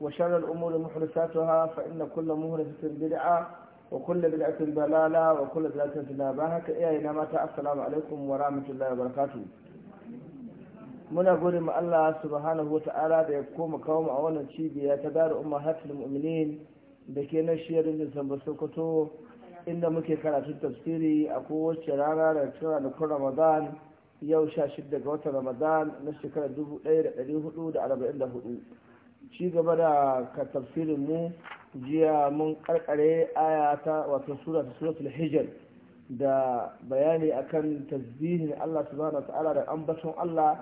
wa وشر الأمور محدثاتها فإن كل محدثة بدعة وكل بدعة ضلالة وكل ضلالة في haka بارك إيه mata السلام عليكم ورحمة الله وبركاته muna gode ma Allah subhanahu ta'ala da ya koma kawo mu a wannan ta dara umar hatul mu'minin da ke nan shiyarin da sokoto inda muke karatun tafsiri a kowace rana da cikin ranakun ramadan yau 16 ga watan ramadan na shekarar 1444 ci gaba da ka tafsirin mu jiya mun karkare ayata ta wato sura ta suratul hijr da bayani akan tasbihin Allah subhanahu ta'ala da ambaton Allah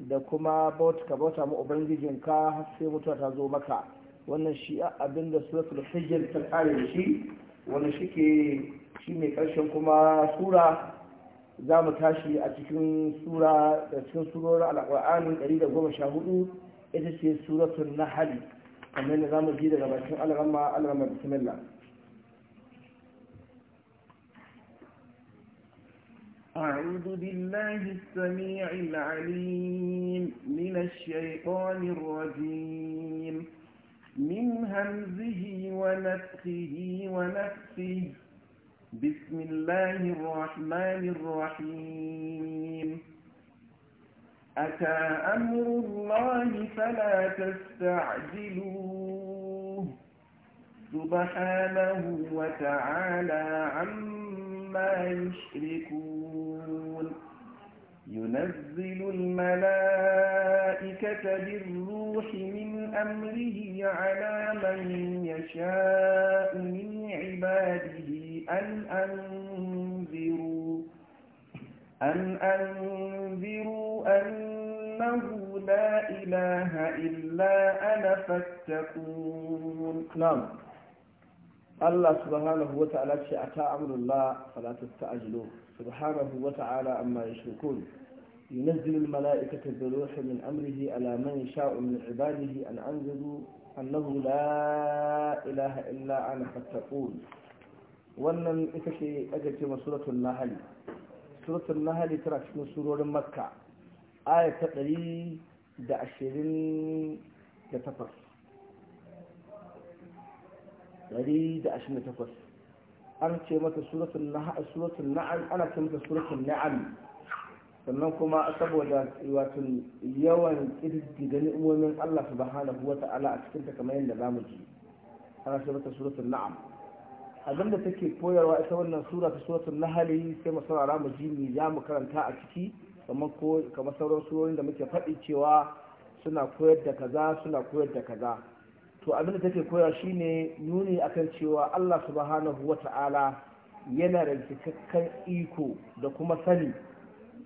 da kuma bauta ka bauta mu ubangijin har sai mutuwa ta zo maka wannan shi abin da suratul hijr ta kare shi wanda shike shi ne karshen kuma sura za mu tashi a cikin sura da cikin surorin alƙur'ani 114 ita ce suratun nahali kamar yadda za mu ji daga bakin alrama alrama أعوذ بالله السميع العليم من الشيطان الرجيم من همزه ونفخه ونفخه بسم الله الرحمن الرحيم أتى أمر الله فلا تستعجلوه سبحانه وتعالى عما يشركون ينزل الملائكة بالروح من أمره على من يشاء من عباده أن أنذروا أن أنذروا أنه لا إله إلا أنا فاتقون نعم الله سبحانه وتعالى أتى أمر الله فلا تستعجلوه سبحانه وتعالى عما يشركون ينزل الملائكة بالروح من أمره على من يشاء من عباده أن أنذروا أنه لا إله إلا أنا فاتقون wannan ita ce ake ce masuratul nahali suratun hali tana cikin surorin makka aya ta ɗari da ashirin da takwas ɗari da ashirin da takwas an ce mata suratun na'am ana ce mata suratun na'am sannan kuma saboda wato yawan ƙirƙi da ni'imomin Allah subhanahu wa ta'ala a cikin ta kamar yadda zamu ji ana ce mata suratun na'am abinda take koyarwa ita wannan sura ta suratul nahali sai mu saurara mu ji me za mu karanta a ciki kamar ko kamar sauran surorin da muke faɗi cewa suna koyar da kaza suna koyar da kaza to abinda take koyarwa shine nuni akan cewa Allah subhanahu wata'ala yana da cikakken iko da kuma sani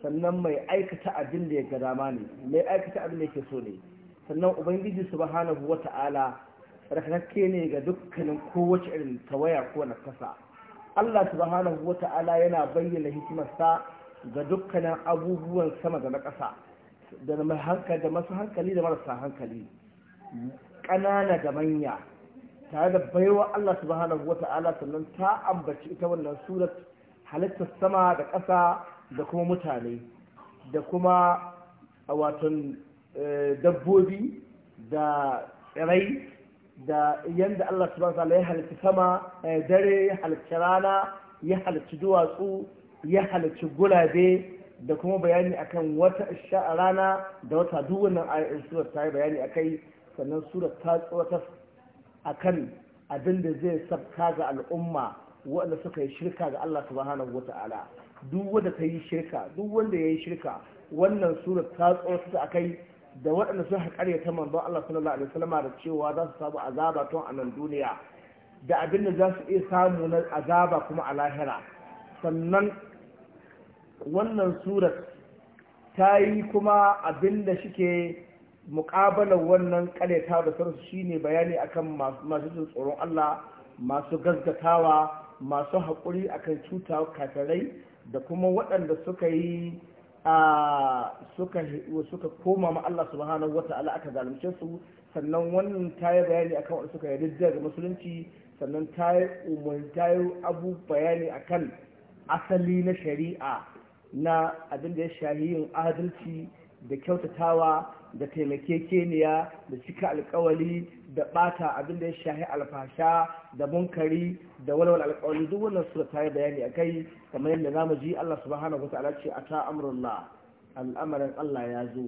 sannan mai aikata abin da ya ga dama ne mai aikata abin da yake so ne sannan ubangiji subhanahu wata'ala rakakke ne ga dukkanin kowace irin tawaya ko nakasa Allah subhanahu wata'ala yana bayyana hikimarsa ga dukkanin abubuwan sama da na ƙasa da masu hankali da marasa hankali ƙanana da manya tare da baiwa Allah subhanahu wata'ala sannan ta ambaci ita wannan surat halittar sama da ƙasa da kuma mutane da kuma a watan eh, dabbobi da tsirai da yadda Allah subhanahu ya halicci sama eh, dare ya halicci rana ya halicci duwatsu ya halicci gulabe da kuma bayani akan wata rana da wata duwannan wannan surar ta yi bayani akai sannan surar ta akan abin da zai sabta ga al'umma waɗanda suka yi shirka ga Allah subhanahu wataala duk wanda ta yi shirka duk wanda ya yi shirka wannan surar ta tsawatar akai da waɗanda sun haƙarya ta manzon Allah sallallahu alaihi wasallam da cewa za su samu azaba tun a nan duniya da abin da za su iya samu na azaba kuma a lahira sannan wannan surat ta yi kuma abin da shike muƙabalar wannan ƙaryata da sarsu shine bayani akan masu jin tsoron Allah masu gaskatawa masu haƙuri akan cuta kafirai da kuma waɗanda suka yi suka koma ma Allah subhanahu wata'ala aka zalunce su sannan wannan ta yi bayani akan wanda suka yarda da musulunci sannan ta yi abu bayani akan asali na shari'a na abin da ya shahi yin adalci da kyautatawa da taimakekeniya da cika alkawali da bata abin da ya shahi alfasha da munkari da walwal alkawali duk wannan su ta yi bayani a kai kamar yadda za mu ji Allah subhanahu wa ta'ala ce ta amrullah al'amarin Allah ya zo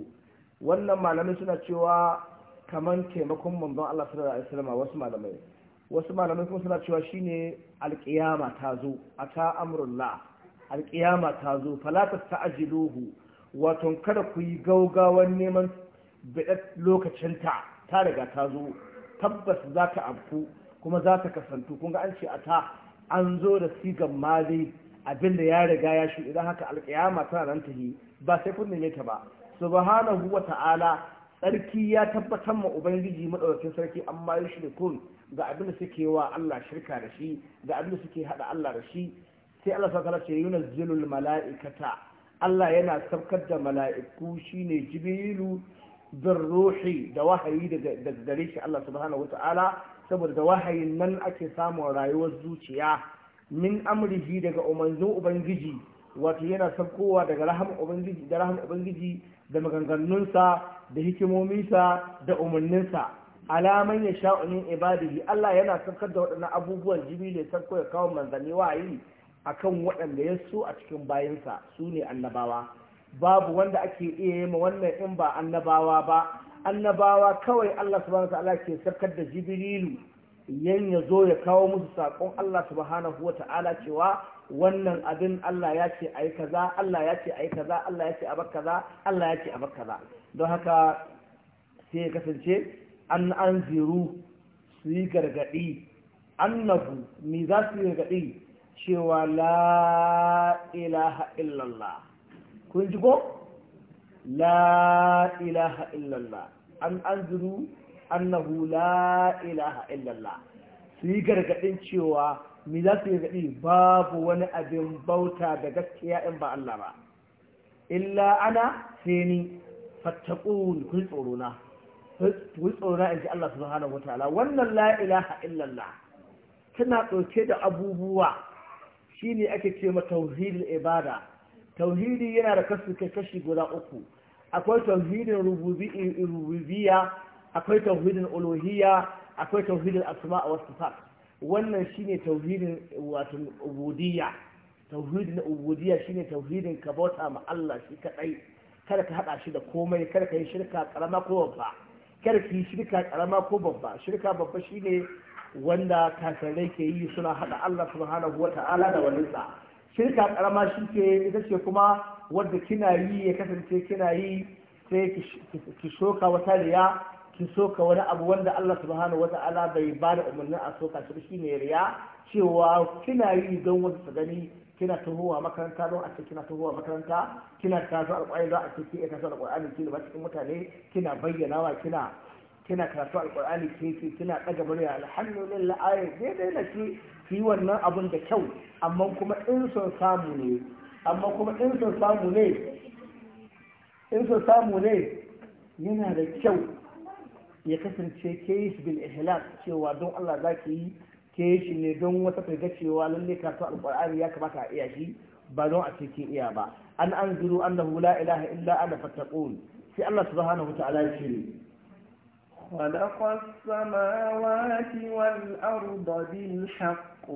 wannan malamai suna cewa kamar taimakon manzon Allah sallallahu alaihi wasallam wasu malamai wasu malamai kuma suna cewa shine alkiyama ta zo a ta amrullah alkiyama ta zo fala tasta'jiluhu wato kada ku yi gaugawan neman bidat lokacin ta ta riga ta zo tabbas za ta afku kuma za ta kasantu kun ga an ce a ta an zo da sigan mali abin da ya riga ya shi idan haka alƙiyama tana nan ta yi ba sai kun neme ta ba subhanahu wa ta'ala sarki ya tabbatar ma ubangiji madaukakin sarki amma ya shi kun ga abin da suke wa Allah shirka da shi ga abin da suke hada Allah da shi sai Allah sa kala ce yunazzilul mala'ikata Allah yana saukar da mala'iku ne jibilu bin ruhi da wahayi daga gare shi Allah subhanahu wata'ala saboda wahayi wahayin nan ake samun rayuwar zuciya min amrihi daga umarnin ubangiji wato yana saukowa daga rahama ubangiji da rahama da maganganunsa da hikimominsa da umarninsa alaman ya sha'unin ibadihi Allah yana saukar da waɗannan abubuwan jibi ne sarko ya kawo manzanni wahayi akan waɗanda ya so a cikin bayansa su ne annabawa babu wanda ake iya yi ma wannan in ba annabawa ba annabawa kawai Allah subhanahu ta'ala ke sarkar da jibrilu yan ya zo ya kawo musu sakon Allah subhanahu wa ta'ala cewa wannan abin Allah ya ce ayi kaza Allah ya ce ayi kaza Allah ya ce abar kaza Allah ya ce abar kaza don haka sai ya kasance an anziru su yi gargadi annabu me za su yi gargadi cewa la ilaha illallah kun ji ko la ilaha illallah an anzuru annahu la ilaha illallah su yi gargadin cewa mi za su yi gargadi babu wani abin bauta da gaskiya in ba Allah ba illa ana sai ni fattakun kun tsoro na kun tsoro na in ji Allah subhanahu wataala wannan la ilaha illallah tana ɗauke da abubuwa shi ne ake ce ma tauhidin ibada tauhidi yana da kasu kashi guda uku akwai tauhidin rububiya, akwai tauhidin uluhiyya akwai tauhidin asma wa sifat wannan shine tauhidin wato ubudiyya tauhidin ubudiyya shine tauhidin ka bauta ma Allah shi kadai kada ka hada shi da komai kada ka yi shirka karama ko babba kada ka yi shirka karama ko babba shirka babba shine wanda kafirai ke yi suna haɗa Allah subhanahu wa ta'ala da walinsa shirka karama shi ke ita ce kuma wanda kina yi ya kasance kina yi sai ki shoka wata riya ki soka wani abu wanda Allah subhanahu wa ta'ala bai ba da umarnin a soka shi ne riya cewa kina yi don wasu su gani kina tuhuwa makaranta don a ce kina tuhuwa makaranta kina kasu alƙwari don a ce kina kasu alƙwari a ba cikin mutane kina bayyana wa kina kina karatu alkur'ani kin ke kina daga murya alhamdulillah ayi dai na ki yi wannan abun da kyau amma kuma in son samu ne amma kuma in son samu ne in so samu ne yana da kyau ya kasance ke yi shi bil ihlas cewa don Allah zaki yi ke shi ne don wata kaga cewa lalle karatu alkur'ani ya kamata a iya shi ba don a cikin iya ba an anziru annahu la ilaha illa ana fattaqun sai Allah subhanahu wa ta'ala ya ce خلق السماوات والأرض بالحق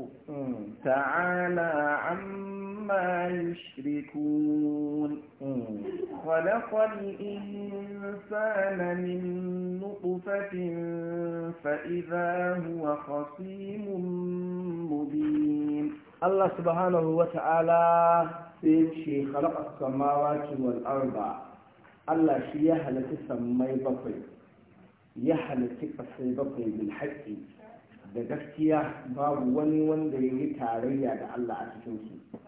تعالى عما يشركون خلق الإنسان من نطفة فإذا هو خصيم مبين الله سبحانه وتعالى في خلق السماوات والأرض الله شيء هل تسمي بطيء ya halitta kasai bakwai bil haƙƙi da gaskiya babu wani wanda ya yi tarayya da Allah a cikin su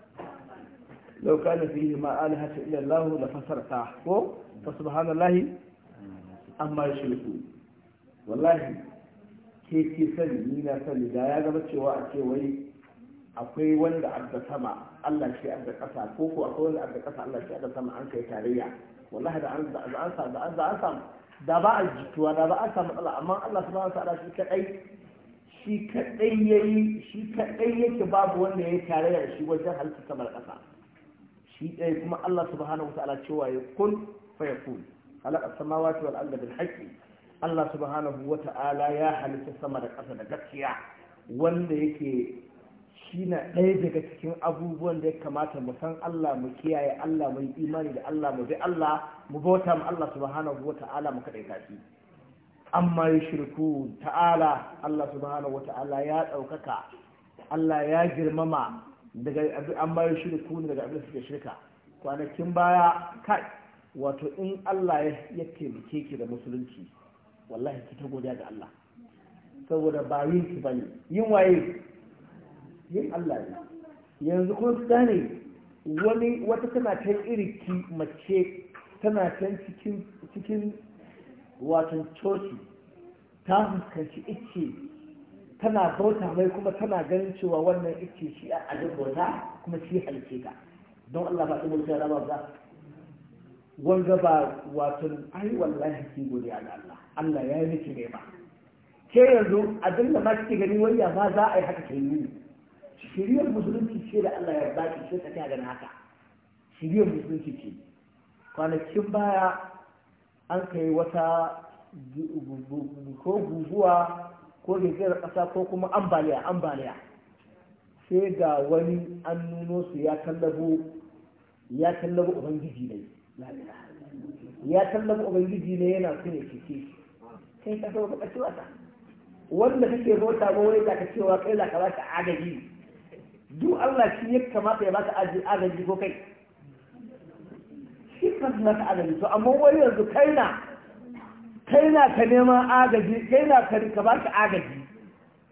law kana fihi ma alihata illa Allah da fasarta ko fa subhanallahi amma yushriku wallahi ke ke sani ni na sani da ya gaba cewa a ce wai akwai wanda abda sama Allah shi abda kasa, ko ko akwai wanda abda kasa Allah shi abda sama an kai tarayya wallahi da an da da an samu da ba a jituwa da ba a samu matsala amma Allah subhanahu wa ta'ala shi kadai shi kadai yayi shi kadai yake babu wanda yayi tare da shi wajen halitta kamar kasa shi dai kuma Allah subhanahu wa ta'ala cewa ya kun fa yakun khalaqa samawati wal arda bil haqqi Allah subhanahu wa ta'ala ya halitta sama da kasa da gaskiya wanda yake shi ɗaya daga cikin abubuwan da ya kamata mu san Allah mu kiyaye Allah mu yi imani da Allah mu bi Allah mu bauta mu Allah subhanahu wa ta'ala mu kaɗai kafi amma ya shirku ta'ala Allah subhanahu wa ta'ala ya ɗaukaka Allah ya girmama daga amma ya shirku daga abin da suke shirka kwanakin baya kai wato in Allah ya taimake ki da musulunci wallahi ki ta godiya ga Allah saboda ba yin ki bane yin waye yin Allah ne yanzu kuma su wani wata tana can iriki mace tana can cikin watan coci ta fuskanci icce tana bauta mai kuma tana ganin cewa wannan icce shi a ajin bauta kuma shi halice ta don Allah ba ɗin ya rama ba wanda ba watan ai wallahi ki gode ga Allah Allah ya yi miki ne ba ke yanzu a da ma kike gani wani ya ba za a yi haka ke yi shiriyar musulunci ce da Allah ya baki sai ka ta gani haka shiriyar musulunci ce kwanakin baya an kai wata ko guguwa ko girgizar kasa ko kuma ambaliya ambaliya sai ga wani an nuno su ya kallabo ya kallabo ubangiji ne ya kallabo ubangiji ne yana su ne cece sai ka sauka ka ciwata wanda kake bauta ba wai za ka cewa kai za ka ba ka agaji duk Allah shi ya kamata ya baka aji agaji ko kai shi ka maka agaji to amma wani yanzu kai na kai na ka neman agaji kai na ka baka agaji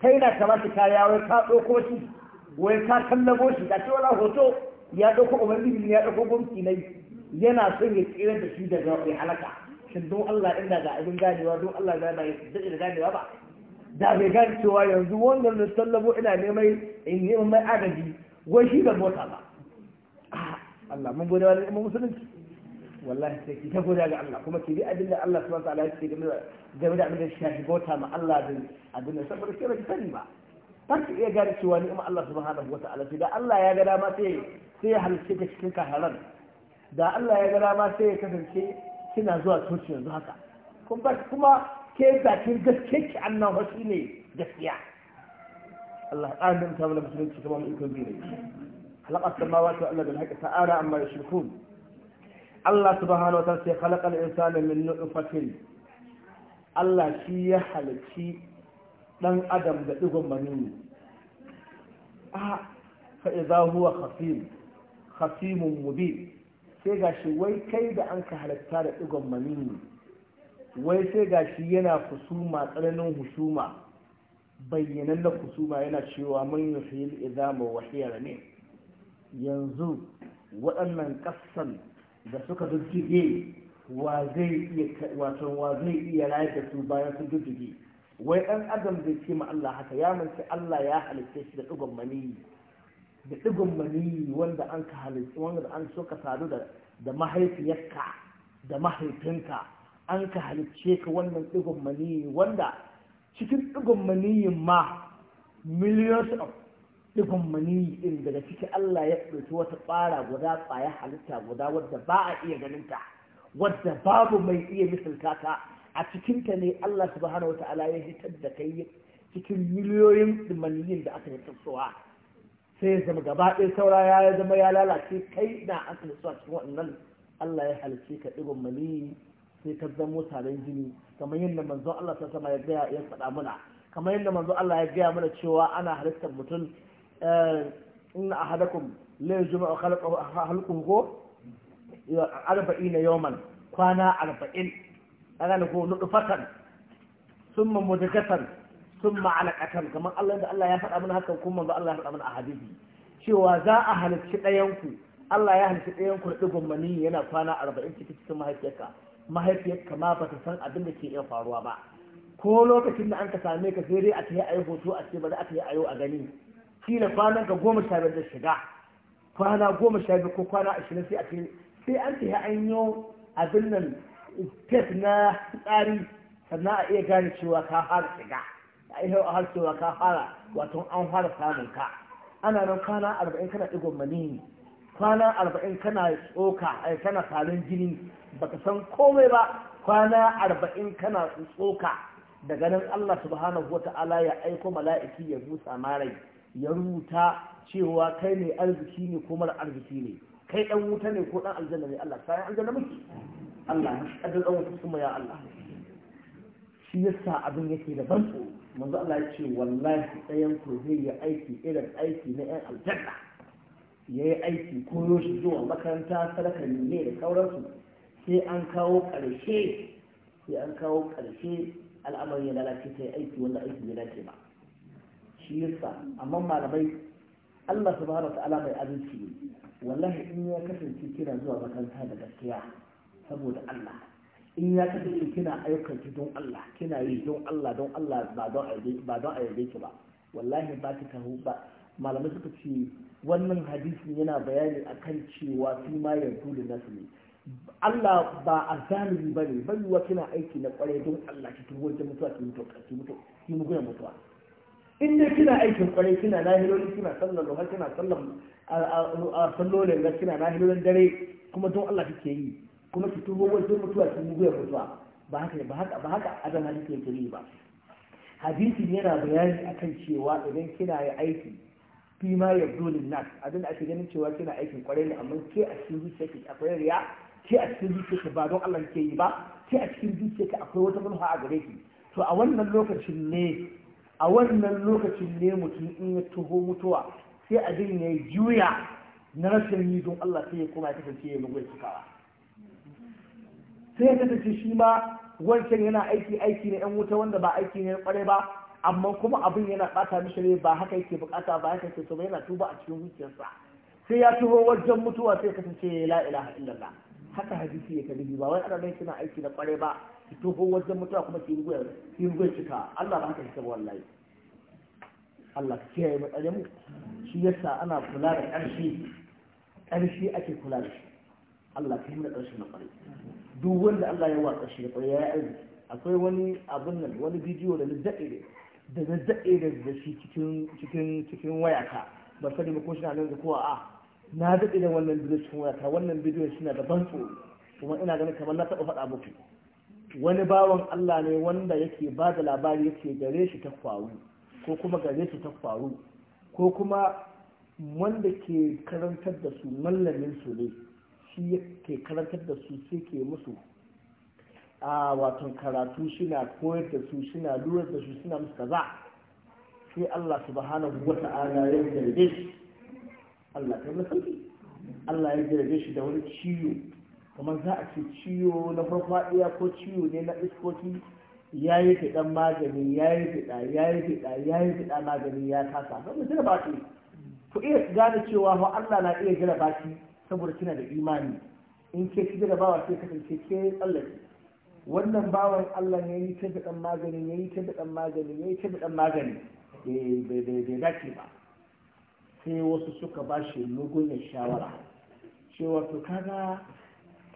kai na ka baka kaya wai ka ɗauko shi wai ka kallabo shi ka ce wala hoto ya ɗauko ubangiji ya ɗauko gumki na yana son ya tsira da shi daga wani halaka shin don Allah inda ga abin ganewa don Allah ga ba ya tsira da ganewa ba da bai gane cewa yanzu wannan da sallabo ina neman in neman mai agaji wai shi da mota ba ah, Allah mun gode wa da musulunci wallahi sai ki ta gode ga Allah kuma ki bi abin da Allah subhanahu wa ta'ala ya ce game da abin da shi bauta ma Allah din abin da saboda shi ba ki sani ba har ki iya gane cewa ma Allah subhanahu wa ta'ala sai da Allah ya ga dama sai sai ya halice ka cikin kaharan da Allah ya ga dama sai ya kasance kina zuwa coci yanzu haka kuma ke bakin gaske ki annan wasu ne gaskiya Allah ɗan da mutane da musulunci kuma mu ikon biyu ne halakar samawati Allah da haƙa ta'ala amma ya shirkun Allah subhanahu wa wata sai halakar insani min nutfatin Allah shi ya halarci ɗan adam da digon manini a fa idza huwa khafim khafimun mubin sai gashi wai kai da an ka halatta da digon manini wai sai gashi yana kusuma tsananin husuma bayyanan da kusuma yana cewa mun yuhil idama wa ne yanzu waɗannan ƙasan da suka duddige wa zai iya wato wa zai iya rayar da su bayan sun duddige wai ɗan adam zai ce ma Allah haka ya mace Allah ya halitta shi da ɗigon maniyi da ɗigon maniyi wanda an ka halitta wanda an so ka sadu da mahaifiyarka da mahaifinka an ka halicce ka wannan ɗigon maniyi wanda cikin ɗigon maniyin ma millions of ɗigon maniyi ɗin daga ciki Allah ya ɗauki wata tsara guda tsaye halitta guda wadda ba a iya ganinta wadda babu mai iya misalta ta a cikinta ne Allah subhanahu wata'ala ya hitar da kai cikin miliyoyin maniyin da aka yi sai ya zama gaba ɗaya saura ya zama ya lalace kai na aka yi cikin Allah ya halicce ka ɗigon maniyi sai ka zamo mutanen jini kamar yadda manzon Allah ta sama ya gaya ya faɗa mana kamar yadda manzon Allah ya gaya mana cewa ana halittar mutum eh, inna ahadakum la yajma'u khalqahu ko na yoman kwana arba'in ana ko nudufatan summa mudghatan sun alaqatan kamar Allah yadda Allah ya faɗa mana hakan kuma manzon Allah ya faɗa mana a hadisi cewa za a halicci ɗayanku Allah ya halicci ɗayanku da ɗigon mani yana kwana arba'in cikin cikin mahaifiyarka mahaifiyar kama ba ta san abin da ke iya faruwa ba ko lokacin da an ka same ka sai dai a ta yi yi hoto a ce ba za a ta yi yau a gani kila kwanan ka goma sha biyar da shiga kwana goma sha biyar ko kwana ashirin sai a ce sai an ta yi an yi abin nan tef na tsari sannan a iya gane cewa ka fara shiga a iya a har cewa ka fara wato an fara samun ka ana nan kwana arba'in kana ɗigon maniyi kwana arba'in kana tsoka ai kana tarin jini baka san komai ba kwana arba'in kana tsoka Da ganin Allah subhanahu wata'ala ya aiko mala'iki ya busa marai ya rubuta cewa kai ne arziki ne ko mara arziki ne kai dan wuta ne ko dan aljanna ne Allah sai aljanna miki Allah kadan dan wuta kuma ya Allah shi yasa abin yake da ban tsoro manzo Allah ya ce wallahi ɗayan ku zai yi aiki irin aiki na ƴan aljanna ya yi aiki koyo shi zuwa makaranta sadaka ne da sauransu sai an kawo ƙarshe sai an kawo ƙarshe al'amari ya lalace ta yi aiki wanda aiki ya dace ba shi yasa amma malamai Allah subhanahu wa ta'ala mai abinci ne wallahi in ya kasance kina zuwa makaranta da gaskiya saboda Allah in ya kasance kina ayyukan ki don Allah kina yi don Allah don Allah ba don a ba don ki ba wallahi ba ki tahu ba malamai suka ce wannan hadisin yana bayani akan cewa fi ma ya da nasu Allah ba a zalimi ba ne bai yiwuwa kina aiki na kwarai don Allah ki tuwo wajen mutuwa ki mutu ki mutu ki mutu mutuwa in ne kina aikin kwarai kina nahiloli kina sallar ruwa kina sallar a sallolin ga kina nahilolin dare kuma don Allah kike yi kuma ki tuwo wajen mutuwa ki mutu mutuwa ba haka ba haka ba haka adam hadisi yake yi ba hadisin yana bayani akan cewa idan kina yi aiki fi ya dole abinda ake ganin cewa kina aikin kwarai ne amma ke a cikin zuciyarki akwai riya ke a cikin zuciyarki ba don Allah ke yi ba ke a cikin zuciyarki akwai wata manufa a gare ki to a wannan lokacin ne a wannan lokacin ne mutum in ya tuho mutuwa sai abin ya juya na rashin yi don Allah sai ya koma ya kasance ya mugu ya cikawa sai ya kasance shi ma wancan yana aiki aiki na yan wuta wanda ba aiki ne kwarai ba amma kuma abin yana bata mishi ne ba haka yake bukata ba haka yake so yana tuba a cikin zuciyarsa sai ya tuba wajen mutuwa sai kasance la ilaha illallah haka hadisi ya kalibi ba wai ana nan aiki da kware ba ki tuba wajen mutuwa kuma ki rubuta ki rubuta cika Allah ba haka yake wallahi Allah ke kiyaye mu tsare mu shi yasa ana kula da ƙarshe ƙarshe ake kula da shi Allah ke yi karshe ƙarshe na kware duk wanda Allah ya wa ƙarshe da kware ya yi aiki akwai wani abin nan wani bidiyo da na daɗe da na daɗe da shi cikin wayaka ba sani ba ko shi na nan da kowa a na daɗe da wannan bidiyo cikin wayaka wannan bidiyo shi na daban tsoro kuma ina ganin kamar na taɓa faɗa muku wani bawan Allah ne wanda yake ba da labari yake gare shi ta faru ko kuma gare shi ta faru ko kuma wanda ke karantar da su mallamin su ne shi ke karantar da su sai ke musu a wato karatu suna koyar da su suna lura da su suna musu kaza sai Allah subhanahu wa ta'ala ya jirage shi Allah ta yi sauki Allah ya jirage shi da wani ciwo kamar za a ce ciwo na farfadiya ko ciwo ne na iskoki ya yi fiɗan magani ya yi fiɗa ya yi fiɗa ya yi fiɗa magani ya kasa mu jira ba ku iya gane cewa fa Allah na iya jira ba saboda kina da imani in ke jira ba wa sai kasance ke tsallake wannan bawan Allah ya yi ta ɗan magani ya yi ta ɗan magani ya yi ta ɗan magani eh, bai dace ba sai wasu suka ba shi mugunyar shawara cewa to kaga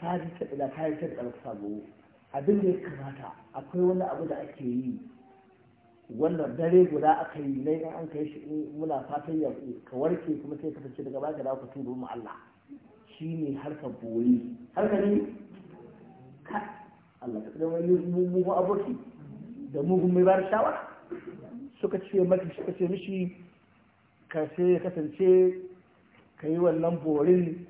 ta ji ta biɗa ta yi ta sabo abin da ya kamata akwai wani abu da ake yi wannan dare guda aka yi na in an kai shi muna fatan ya ka warke kuma sai ka fice daga baka da ku tuba mu Allah shine harkar bori harkar ne Allah ka mu mu mugu aboki da mu mu bayar shawa suka ce maki suka ce mishi ka ce kasance ka yi wannan borin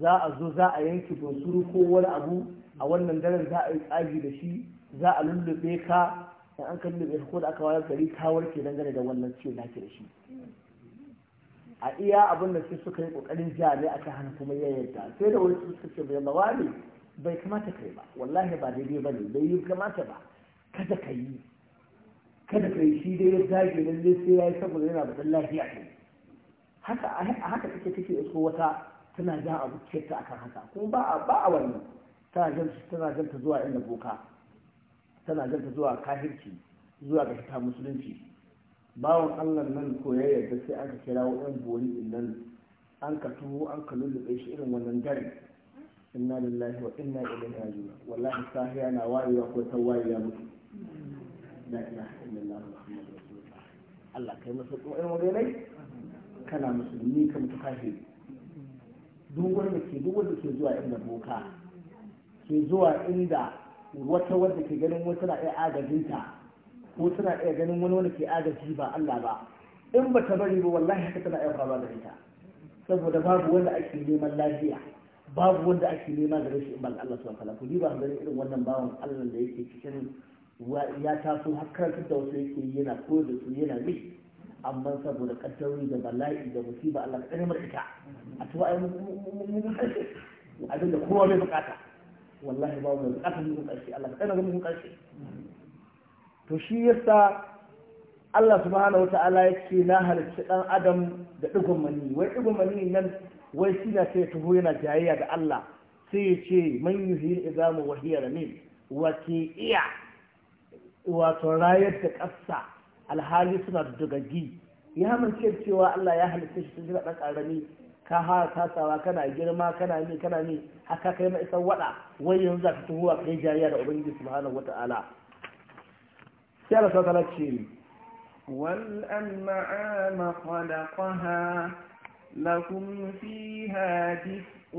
za a zo za a yanke bonsuru ko wani abu a wannan daren za a yi tsagi da shi za a lullube ka da an kan lullube ko da aka wayar gari ka warke dangane da wannan ciwo da ke da shi a iya abin da sai suka yi kokarin jami'a ta hana kuma ya yarda sai da wani suka ce bai mawa ne bai kamata kai ba wallahi ba daidai ba ne bai yi kamata ba kada ka yi kada ka yi shi dai ya zage nan dai sai ya yi saboda yana da lafiya ne haka a haka take take isko wata tana jan abu ta akan haka kuma ba a ba a wannan tana jan tana jan ta zuwa inda boka tana jan ta zuwa kafirci zuwa ga ta musulunci bawon Allah nan ko ya yarda sai aka kira wa'an boli nan an ka tuho an ka lullube shi irin wannan dare inna lillahi wa inna ilaihi raji'un wallahi sahiya na wayewa ko ta wayewa mutu la ilaha illallah muhammadu rasulullah Allah kai masa kuma irin wadanai kana musulmi kan ta kafiri duk wanda ke duk wanda ke zuwa inda boka ke zuwa inda wata wanda ke ganin wani tana iya agajinta ko tana iya ganin wani wanda ke agaji ba Allah ba in ba ta bari ba wallahi haka tana iya faruwa da ita saboda babu wanda ake neman lafiya babu wanda ake nema da rashin in ba Allah subhanahu wataala ku diba ganin irin wannan bawan Allah da yake cikin ya taso har karantar da wasu yake yana koyar da su yana yi amma saboda kaddauri da bala'i da musiba Allah ka kare ita a tuwa ai mun karshe abin da kowa bai bukata wallahi ba mu bukata mun karshe Allah ka kare mun karshe to shi yasa Allah subhanahu wataala yake na halicci dan adam da digon mani wai digon mani nan wai shi na sai tuho yana jayayya da Allah sai ya ce man yuhil izamu wa hiya ramim wa ke iya wato rayar da ƙasa alhali suna dugagi ya amince cewa Allah ya halitta shi sun jira ɗan ƙarami ka ha tasawa kana girma kana ni kana ni haka kai ma san wada wai yanzu ka tuhu a kai jayayya da ubangiji subhanahu wataala sai Allah ta ce wal an'ama لكم فيها دفء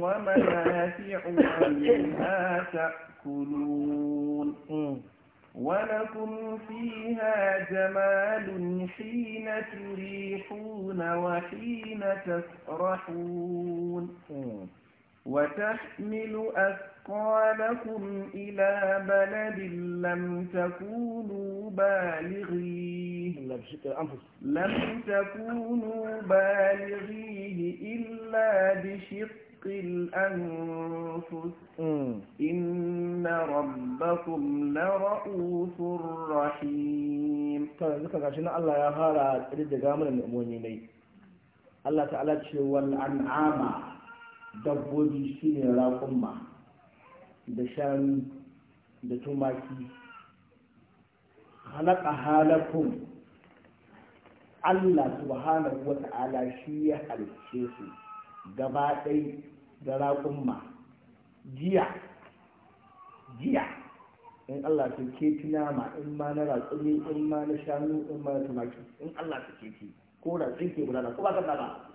ومنافع منها تأكلون ولكم فيها جمال حين تريحون وحين تسرحون وتحمل أسفل أثقالكم إلى بلد لم تكونوا بالغيه لم تكونوا بالغيه إلا بشق الأنفس إن ربكم لرؤوف رحيم كان ذكر عشان الله يا هارا رد قامنا المؤمنين الله تعالى تشوى الأنعام dabbobi shine raƙumma da shanu da tumaki halaka halakun Allah subhanahu wa ta'ala shi ya halice su gaba ɗai da raƙumma jiya jiya in Allah su keti nama in ma na raƙumi in ma na shanu in ma na tumaki in Allah su keti ko ratsi ke gudana ko ba ka ba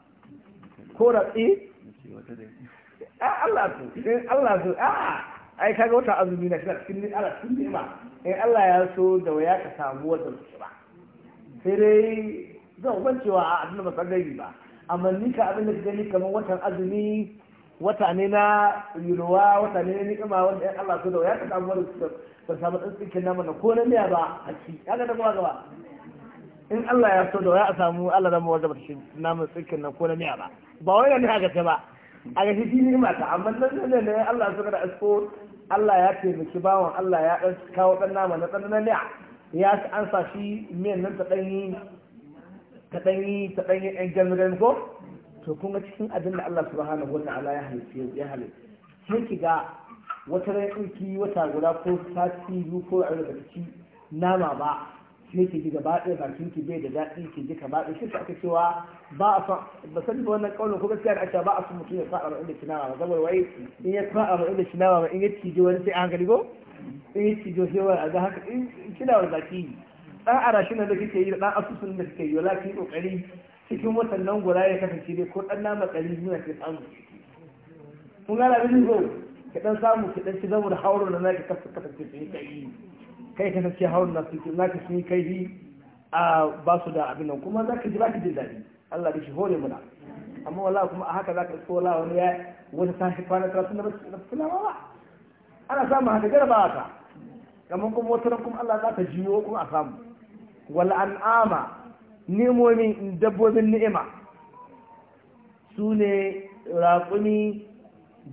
ko ratsi ah, Allah su Allah su a'a ah! ai kaga wata azumi na kana cikin ala cikin ni'ima in eh, Allah ya so da waya ka samu wata ba sai dai zan ban cewa a abin ba san gani ba amma ni ka abin da ka gani kamar watan azumi wata ne na yulwa wata ne na ni'ima wanda in Allah so da waya ka samu wata ba samu tsinkin nama na ko na miya ba a ci kaga da gaba gaba in Allah ya so da waya a samu Allah zama wanda ba ta shi namun tsinkin nan ko na miya ba ba wai ne haka ce ba a ga shi nima ta amma nan ne ne Allah suka da asko Allah ya taimaki bawan Allah ya dan kawo dan nama na dan nan ya an sa shi me nan ta dan yi ta dan yi ta dan yi ɗan gami ko to kun ga cikin abin da Allah subhanahu wataala ya halice ya halice sai ki ga wata ran ki wata guda ko sati biyu ko a ci nama ba sai ki ji gaba ɗaya bakin ki bai da daɗi ki ji gaba ɗaya shi aka cewa ba a son ba san da wannan kaulin ko gaskiya da aka ba a son mutum ya fara ba inda shinawa ba saboda wai in ya fara ba inda shinawa ba in ya cije wani sai an gani ko in ya cije sai wani a ga haka in kina wa zaki dan arashin da kike yi da ɗan asusun da kike yi wala ki kokari cikin watan nan gura ya kasance dai ko ɗan nama kari nuna ki samu kun ga labin ko ki ɗan samu ki ɗan ci zamu da hauro da naki kasance ki yi kai ka sace hawan nasu za ka sun kai a ba su da abin nan kuma za ka ji ba ka ji daɗi Allah da shi hore muna amma wala kuma a haka za ka wala wani ya wata tashi kwana tara suna da fulama ba ana samun haka garba ka kamar kuma wata kuma Allah za ka jiyo kuma a samu wala an'ama nemomin dabbobin ni'ima su ne raƙumi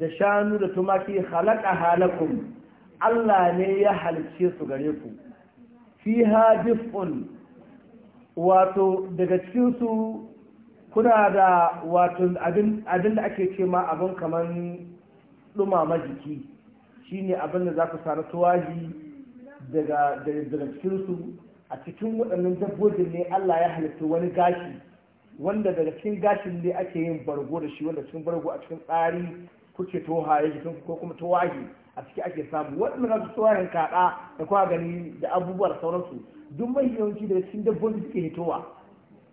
da shanu da tumaki halaka halakun Allah ne ya halicce su gare ku fi fiha dif'un wato daga cikinsu kuna da wato abin da ake ce ma abin kamar dumama jiki shine abin da za ku sa tuwaji daga daga a cikin waɗannan dabbobin ne Allah ya halitta wani gashi wanda daga cikin gashin ne ake yin bargo da shi wanda cikin bargo a cikin tsari kuke toha ya jikin ko kuma tawahi a ciki ake samu waɗanda za su tsohon kaɗa da kwa gani da abubuwar sauransu duk mai yawanci da cikin dabbobi suke hitowa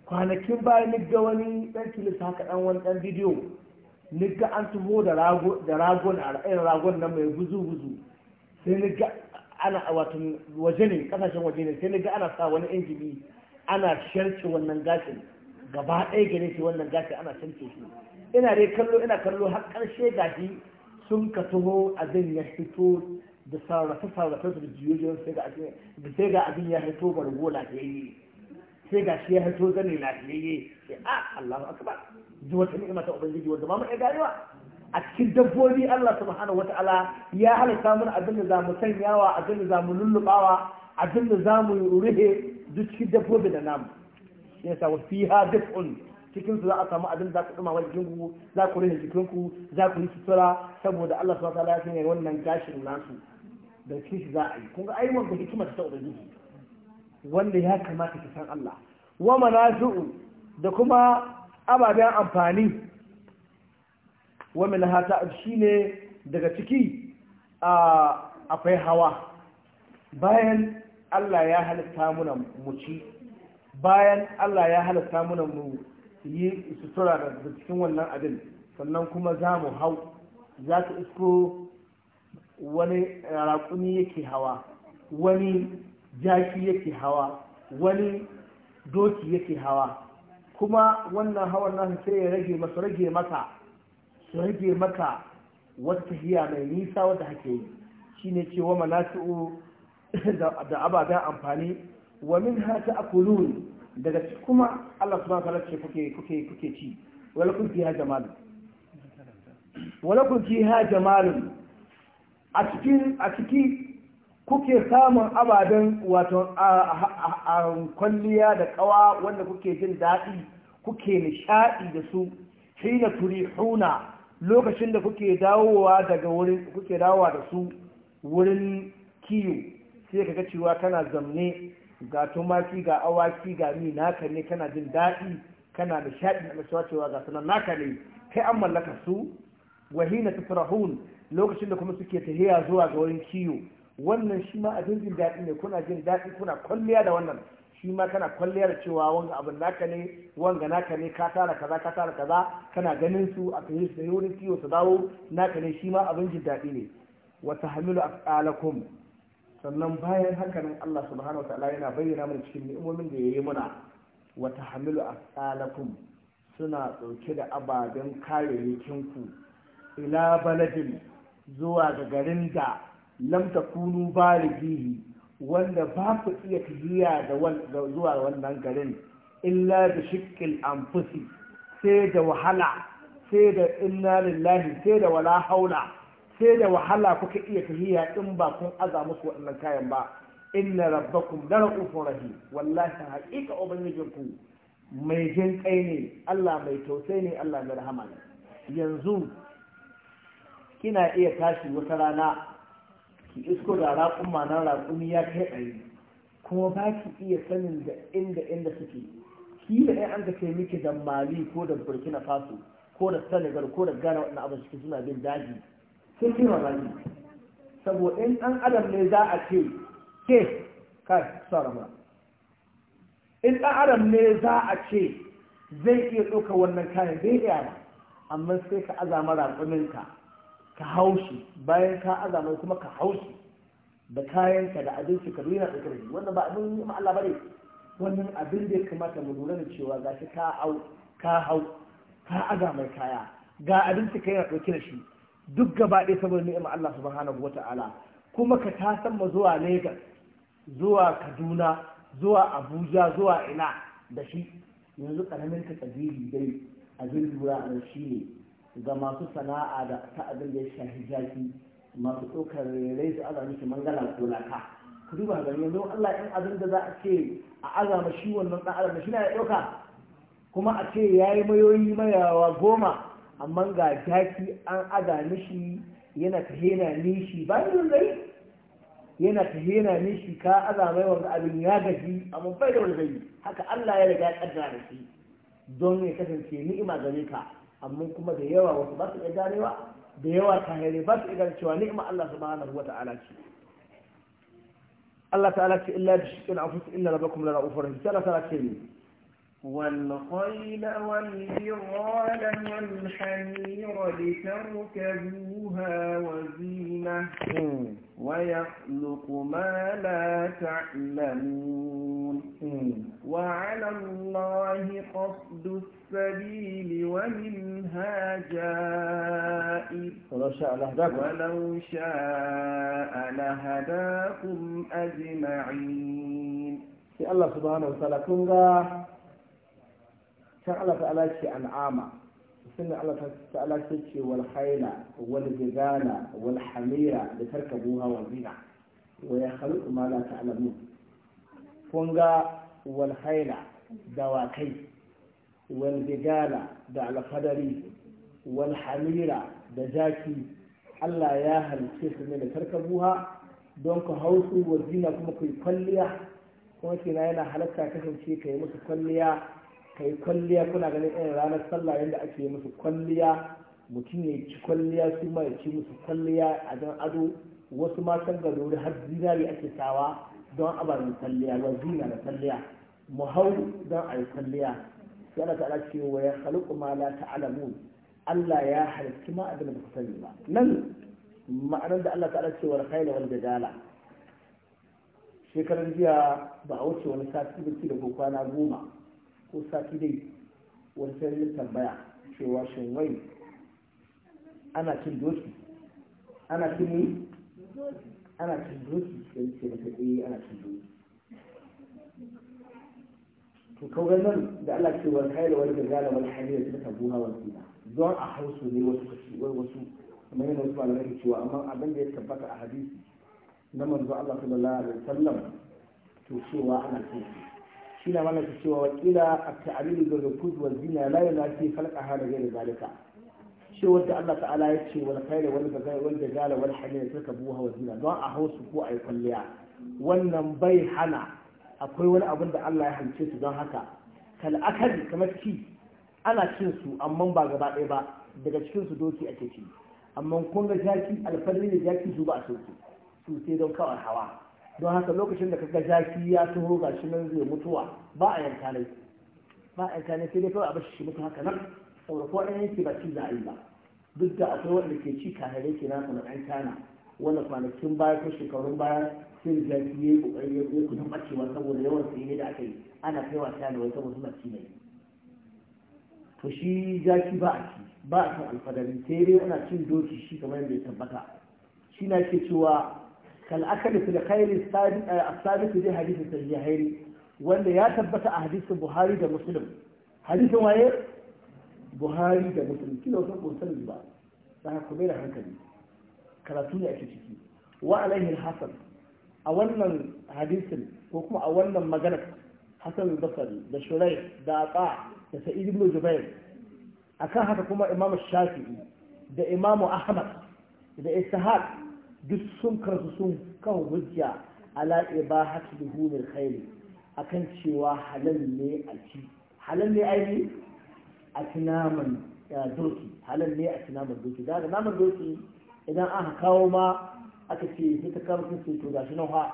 kwanakin bayan ga wani ɗan kilis haka ɗan wani ɗan bidiyo ni ga an tuho da ragon a ra'ayin ragon nan mai guzu-guzu sai ga ana wato waje ne kasashen waje ne sai ga ana sa wani injini ana sharce wannan gashin gaba ɗaya gare shi wannan gashin ana sharce shi ina dai kallo ina kallo har ƙarshe gashi sun ka taho abin ya fito da sarrafe-sarrafe da jiyoyin sai ga abin ya fito bargo lafiyayye sai ga shi ya fito zane lafiyayye sai a ah, Allahu akbar ji wata ni'ima ta ubangiji wanda ba mu iya ganewa a cikin dabbobi Allah subhanahu wata'ala ya halitta mana abin da zamu sanyawa abin da zamu lullubawa abin da zamu ruhe duk cikin dabbobi da namu yasa wa fiha dif'un cikin su za a samu abin za ku dumama jikin ku za ku rage jikin ku za ku yi sutura saboda Allah subhanahu ta'ala ya sanya wannan gashin nasu da cikin shi za a yi kun ga ai wannan hikima ta ubangiji wanda ya kamata ki san Allah wa manazu da kuma ababen amfani wa min hata shine daga ciki akwai hawa bayan Allah ya halitta muna mu ci bayan Allah ya halitta muna mu su yi sutura da cikin wannan abin sannan kuma za mu hau za ka isko wani raƙumi yake hawa wani jaki yake hawa wani doki yake hawa kuma wannan hawan nasu sai ya rage masa rage maka su rage maka wata tafiya mai nisa wadda hake yi shine cewa manasu'u da ababen amfani wa min hata akulun daga kuma Allah su ba ta'ala ce kuke kuke kuke ci wala kun fiha jamalun wala kun fiha jamalun a cikin a ciki kuke samun ababen wato a kwalliya da kawa wanda kuke jin daɗi kuke nishaɗi da su hina turihuna lokacin da kuke dawowa daga wurin kuke dawowa da su wurin kiyo sai ka cewa tana zamne ga tumaki ga awaki ga ni naka ne kana jin daɗi kana da a annashuwa cewa ga sanan naka ne kai an mallaka su wahina tafrahun lokacin da kuma suke tahiya zuwa ga wurin kiyo wannan shi ma abin jin daɗi ne kuna jin daɗi kuna kwalliya da wannan shi ma kana kwalliya da cewa wanga abin naka ne wanga naka ne ka tara kaza ka tara kaza kana ganin su a tahiya su wurin kiyo su dawo naka ne shi ma abin jin daɗi ne wa tahmilu aqalakum sannan bayan hakanan Allah subhanahu wataala yana bayyana mana cikin ni'imomin da yayi muna wa tahmilu asalakum suna dauke da ababen kayayyakin ku ila baladin zuwa ga garin da lam takunu balighihi wanda ba ku iya tafiya da zuwa wannan garin illa da shiqqil anfusi sai da wahala sai da inna lillahi sai da wala haula sai da wahala kuka iya tahiya in ba kun aza musu waɗannan kayan ba inna rabbakum la ra'ufur rahim wallahi haqiqa ubangijinku mai jin kai ne Allah mai tausayi ne Allah mai rahama ne yanzu kina iya tashi wata rana ki isko da raƙuma na raƙumi ya kai ɗari kuma ba ki iya sanin da inda inda suke da ɗaya an kace miki da mali ko da burkina faso ko da senegal ko da ghana waɗannan abin suke suna bin daji sun fi mamaki saboda in an adam ne za a ce ke kai sarama in ɗan adam ne za a ce zai iya ɗauka wannan kayan bai iya ba amma sai ka azama raƙuminka ka haushi bayan ka azama kuma ka haushi da kayanka da abinci ka yana da karfi wannan ba abin yi Allah ne? wannan abin da ya kamata mu lura da cewa ga shi ka hau ka hau ka kaya ga abinci ka yana ɗauke da shi duk gaba ɗaya saboda ni'ima Allah subhanahu wata'ala kuma ka tasan ma zuwa Lagos zuwa Kaduna zuwa Abuja zuwa ina da shi yanzu karamin ka tsabiri dai zin lura a shi ne ga masu sana'a da ta abin da ya shafi jaki masu ɗaukar rai su aza miki mangala ko laka ku duba ga yanzu Allah in abin da za a ce a azama shi wannan ɗan adam shi na ya ɗauka kuma a ce ya yi mayoyi mayawa goma amma ga jaki an aga mishi yana ta hena nishi ba ni zai yana ta hena nishi ka aza mai wanda abin ya gaji amma bai da wani zai haka Allah ya riga ya kaddara da shi don ya kasance ni'ima gare ka amma kuma da yawa wasu ba su iya garewa da yawa hare ba su iya gane cewa ni'ima Allah subhanahu wa ta'ala ce Allah ta'ala ce illa bi shikin anfus illa rabbakum la ra'ufur rahim ta'ala ta'ala ce ni والخيل والبغال والحمير لتركبوها وزينة ويخلق ما لا تعلمون وعلى الله قصد السبيل ومنها جائر ولو شاء لهداكم أجمعين الله سبحانه وتعالى can Allah ta'ala ce al'ama sunan Allah ta'ala ce ce wal khayla wal jidala wal hamira da tarkabuha wa zina wa ya khaluqu ma la ta'lamun kun ga wal khayla dawakai wal jidala da alfadari wal hamira da jaki Allah ya halice su ne da tarkabuha don ku hausu wa zina kuma ku yi kwalliya kuma kina yana halatta kasance ka yi musu kwalliya Kai kwalliya kuna ganin irin ranar sallah yadda ake musu kwalliya mutum ya ci kwalliya su ma ya ci musu kwalliya a don ado wasu matan ga da har zinari ake sawa don a bari kwalliya wa zina da kwalliya mu hau don a yi kwalliya sai ana ta'ala ce wa ya halittu ma la ta'lamun Allah ya halitta ma abin da ku sani ba nan ma'anar da Allah ta'ala ce wal khayla wal jadala shekaran jiya ba a wuce wani sati da kwana goma ko sati dai wani sai tambaya cewa shin wai ana cin doki ana cin ni ana cin doki sai ce mata eh ana cin doki to kawai nan da Allah ce wani wal khayla da jazala wal hadira tabuha wal qina don a hausu ne wasu kashi wasu kamar yana wasu malamai cewa amma abin da ya tabbata a hadisi na manzo Allah sallallahu alaihi wasallam to cewa ana cin shi na mana ta cewa wakila a ta'ariru da rukuz wa zina la yana fi falka hana zalika shi wanda Allah ta'ala ya ce wal khairu wal bagai wal dajala wal suka tarkabuha hawa zina don a hausu ko a yi kwalliya wannan bai hana akwai wani abin da Allah ya hance su don haka kal akali kamar ki ana cin su amma ba gaba ɗaya ba daga cikin su doki ake ci amma kun ga jaki alfarri da jaki su a sauki su sai don kawai hawa don haka lokacin da kaga zaki ya taho shi nan zai mutuwa ba a yanka ne ba a yanka ne sai dai kawai a bashi shi mutu haka nan saboda ko an yanke ba ci za a yi ba duk da akwai wanda ke ci kahare ke na sanar an wanda kwanakin baya ko shekarun baya sai zaki ya yi kokari ya yi kudin bacewa saboda yawan sai ne da aka yi ana kaiwa ta ne wai saboda suna ci ne to shi zafi ba a ci ba a san alfadari sai dai ana cin doki shi kamar yadda ya tabbata shi na ke cewa كالأكل في الخير الثابت في حديث التجاهيري وأن يتبت أحاديث البخاري ده مسلم حديث ما هي بخاري ده مسلم كلا وصف مسلم بعض ده كبيرة هنكلي كراتوني أكتشكي وعليه الحسن أولا حديث وكما أولا مجرد حسن البصري ده شريح ده أطاع ده سعيد بن جبير أكاها تقوم إمام الشافعي ده إمام أحمد ده إسحاق duk sun karsu sun kan hujja ala ba ibahatu duhumil A kan cewa halal ne a ci halal ne ai a ci naman doki halal ne a ci naman doki da naman doki idan aka kawo ma aka ce sai ta kawo sun ce to ga shi nan fa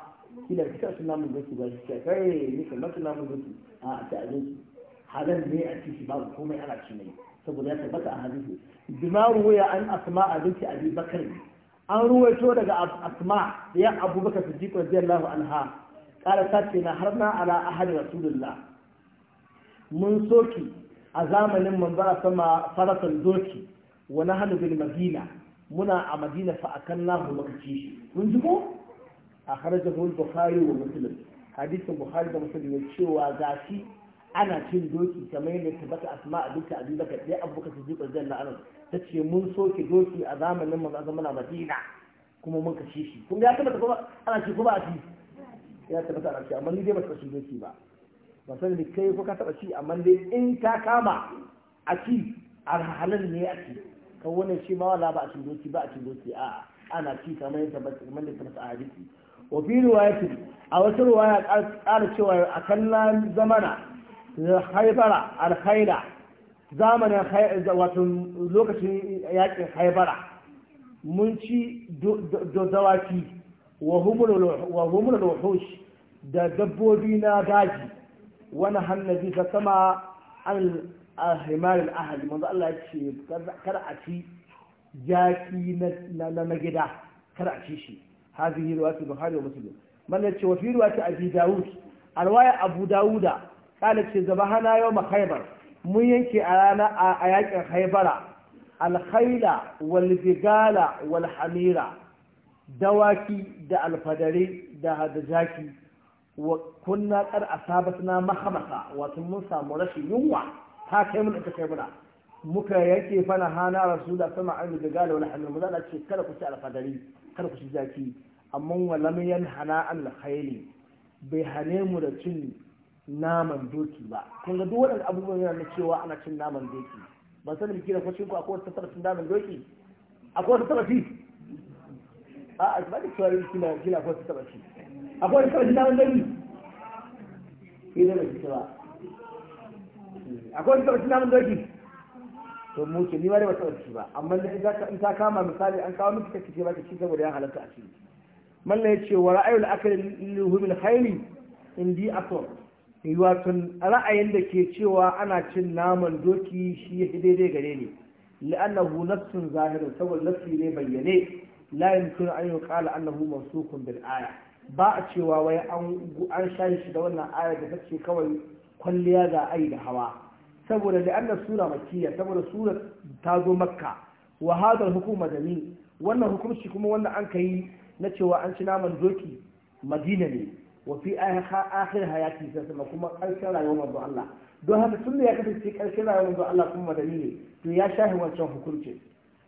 kila kika su naman doki ba shi ce kai ni kan mata naman doki a a ci halal ne a ci shi babu komai ana ci ne saboda ya tabbata a hadisi bima ruwaya an asma'a binti abi bakr an ruwaito daga asma ya abubakar siddiq radiyallahu anha qala sace na har na ala ahli rasulillah. mun soki a zamanin manzo sama faratan doki wa nahnu bil madina muna a madina fa akanna hu makaci Mun ji ko akhrajahu al bukhari wa muslim hadisin bukhari da muslim ya cewa gashi ana cin doki kamar yadda tabbata asma a duka abubakar sai abubakar siddiq radiyallahu anhu ta ce mun soke doki a zamanin mu zama na madina kuma mun kashe shi kun ya tabbata kuma ana ci kuma a ci ya tabbata a ci amma ni dai ba ta kashe doki ba ba san ni kai ko ka taba ci amma dai in ta kama a ci a halal ne a ci kan wannan shi ma wala ba a ci doki ba a ci doki a ana ci kamar yadda ba kamar yadda ta a hadisi wa fi riwayati a wasu riwaya ƙara cewa a kallan zamana haibara alkhaira zamanin lokacin yakin haibara mun ci dawaki wa humul wahush da dabbobi na daji wani hannabi ta sama an himarin ahali manzo Allah ya ce kar a ci jaki na gida kar a ci shi hazihi riwayat bukhari wa muslim man yace wa fi riwayat abi daud alwaya abu Dawuda قال ce hana zabahana ma khaybar mun yanke a rana a yakin haibara alhaila walbigala walhamira dawaki da alfadare da jaki wa kunna kar asabatna mahamasa wato mun samu rashin yunwa ta kai mun ita kai muka yake fana hana rasula sama an bigala walhamira mu zana ce kada ku ci alfadari kada ku ci zaki amma walamin hana alkhairi bai hane mu da cin naman doki ba kun ga duk waɗanda abubuwan yana cewa ana cin naman doki ba sanin biki da kwacin ku akwai wata cin naman doki akwai wata sarrafi a a ba da cewa yanzu kila kila akwai wata sarrafi akwai wata sarrafi naman doki shi da bai cewa akwai wata sarrafi naman doki to mu ce ni ma dai ba sarrafi ba amma in ta kama misali an kawo miki kake ce ba ci saboda ya halatta a ciki mallan ya ce wa ra'ayul akal lil humil khayli indi ator wato ra'ayin da ke cewa ana cin naman doki shi ya fi daidai gare ne la'annahu nafsun zahirin saboda nafsi ne bayyane layin tuna an yi yuqala annahu masu kumbin aya ba a cewa wai an sha shi da wannan aya da ta ce kawai kwalliya ga ai da hawa saboda la'anna sura makiyya saboda sura ta zo makka wa hukuma hukum wannan hukunci kuma wannan an yi na cewa an ci naman doki madina ne wa fi akhir hayati sai sama kuma karshen rayuwar manzo Allah don haka tunda ya kasance karshen rayuwar manzo Allah kuma madani ne to ya shahi wancan hukunci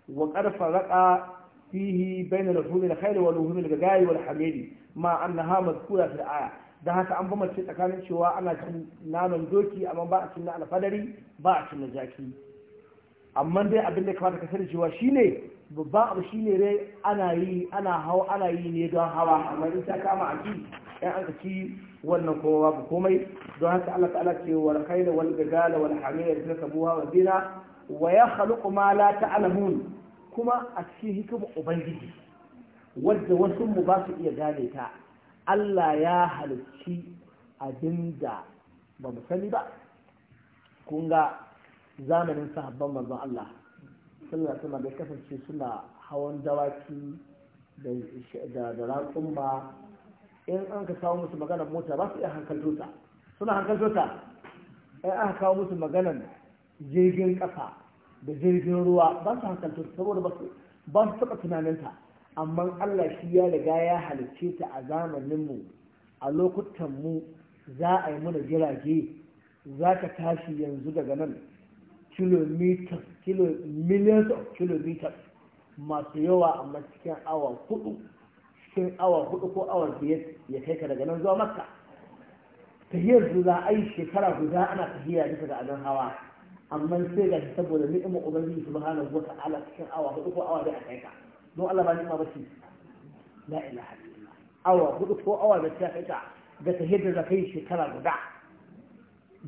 wa qarfa raqa fihi bayna al-humi al-khair wa al-humi al-gagai wal hamidi ma annaha mazkura fil aya da haka an bambance tsakanin cewa ana cin naman doki amma ba a cin na alfadari ba a cin na jaki amma dai abin da kamata ka sani cewa shine babban abu shine dai ana yi ana hawa ana yi ne don hawa amma in ta kama a in an ci wannan kowa babu komai don haka Allah ta'ala ce wal khayla wal gagala wal hamira da sabuha wa dina wa ya khaluqu ma la ta'lamun kuma a cikin hikima ubangiji wadda wasu mu ba su iya gane ta Allah ya halicci abinda ba mu sani ba kun ga zamanin sahabban manzon Allah sallallahu alaihi wasallam da kasance suna hawan dawaki da da raƙumma in an ka kawo musu magana mota ba su iya hankalto suna hankalto ta in aka kawo musu maganar jirgin ƙasa da jirgin ruwa ba su hankalto saboda ba su taɓa tunaninta amma Allah shi ya riga ya halicce ta a zamaninmu a lokutan mu za a yi mana jirage za ka tashi yanzu daga nan kilometers millions of kilometers masu yawa amma cikin awa hudu cikin awa hudu ko awar biyar ya kai ka daga nan zuwa makka tahiyar su za a yi shekara guda ana tahiya bisa ga abin hawa amma sai ga shi saboda ni'imar ubangiji subhanahu wa ta'ala cikin awa hudu ko awa biyar a kai ka don Allah ba ni'ima bace la ilaha illallah awa hudu ko awa biyar ta kai ka ga tahiyar da kai ka yi shekara guda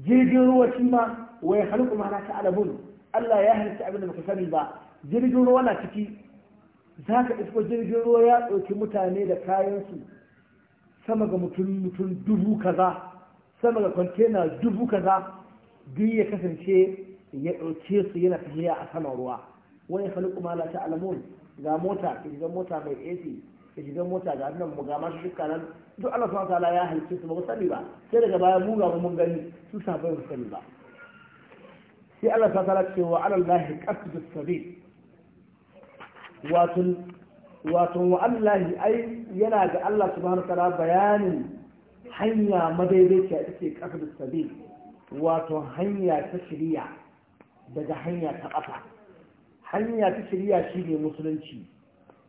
jirgin ruwa shi ma wai halku ma na ta alamun Allah ya halitta abin da baka sani ba jirgin ruwa na ciki za ka isko jirgin ruwa ya ɗauki mutane da kayansu sama ga mutum mutum dubu kaza sama ga kwantena dubu kaza duk ya kasance ya ɗauke su yana tafiya a saman ruwa wani kuma ma la alamun ga mota ki shiga mota mai AC ki shiga mota ga nan mu ga masu shukka nan duk Allah subhanahu wataala ya halice su ba ku sani ba sai daga baya mu ga mun gani su sabai mu sani ba sai Allah subhanahu wataala ce wa ala da qasdu sabil wato wa Allah ai yana ga Allah subhanahu ta'ala bayanin hanya madaidaiciya ita ce sabil wato hanya ta shirya daga hanya ta ƙasa hanya ta shirya ne musulunci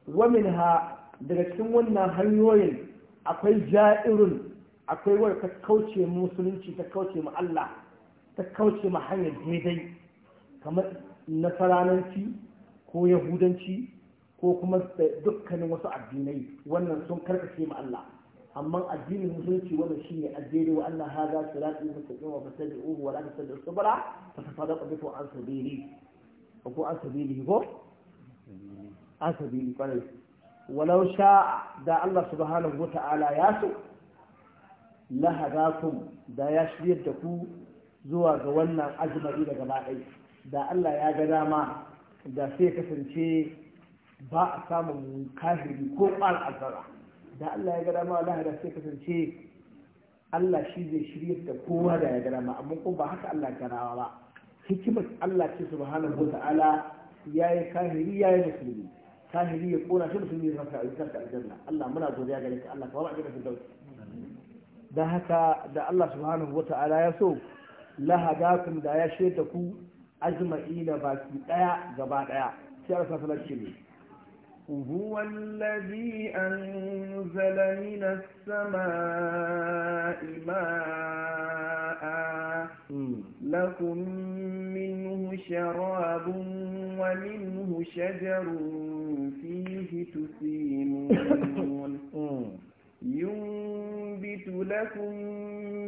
wa ha, daga cikin wannan hanyoyin akwai ja'irun akwai wadda ta kauce musulunci ta kauce ma Allah ta kauce ma hanyar daidai kamar nasarananci ko yahudanci ko kuma dukkanin wasu addinai wannan sun karkace ma Allah amma addinin musulunci wannan shine addini wa Allah hada sirati mustaqim wa fastabi'uhu wa la tattabi'u subula fa tafarraqu bikum an sabili ko an sabili ko an sabili kwarai walau sha'a da Allah subhanahu wa ta'ala ya so lahadakum da ya shiryar da ku zuwa ga wannan azumari da gaba ɗaya da Allah ya ga dama da sai kasance ba a samun kafiri ko ƙwal azara da Allah ya ga dama Allah da sai kasance Allah shi zai shirya da kowa da ya ga dama amma ko ba haka Allah ya rawa ba hikimar Allah ce subhanahu wata'ala ya yi kafiri ya yi musulmi kafiri ya kona shi musulmi ya fasa alƙar da aljanna Allah muna godiya gare ka Allah kawai a cikin dauki da haka da Allah subhanahu wata'ala ya so lahadakum da ya sheta ku ajma'ina baki daya gaba daya sai Allah sallallahu shi ne. هو الذي أنزل من السماء ماء لكم منه شراب ومنه شجر فيه تسيمون ينبت لكم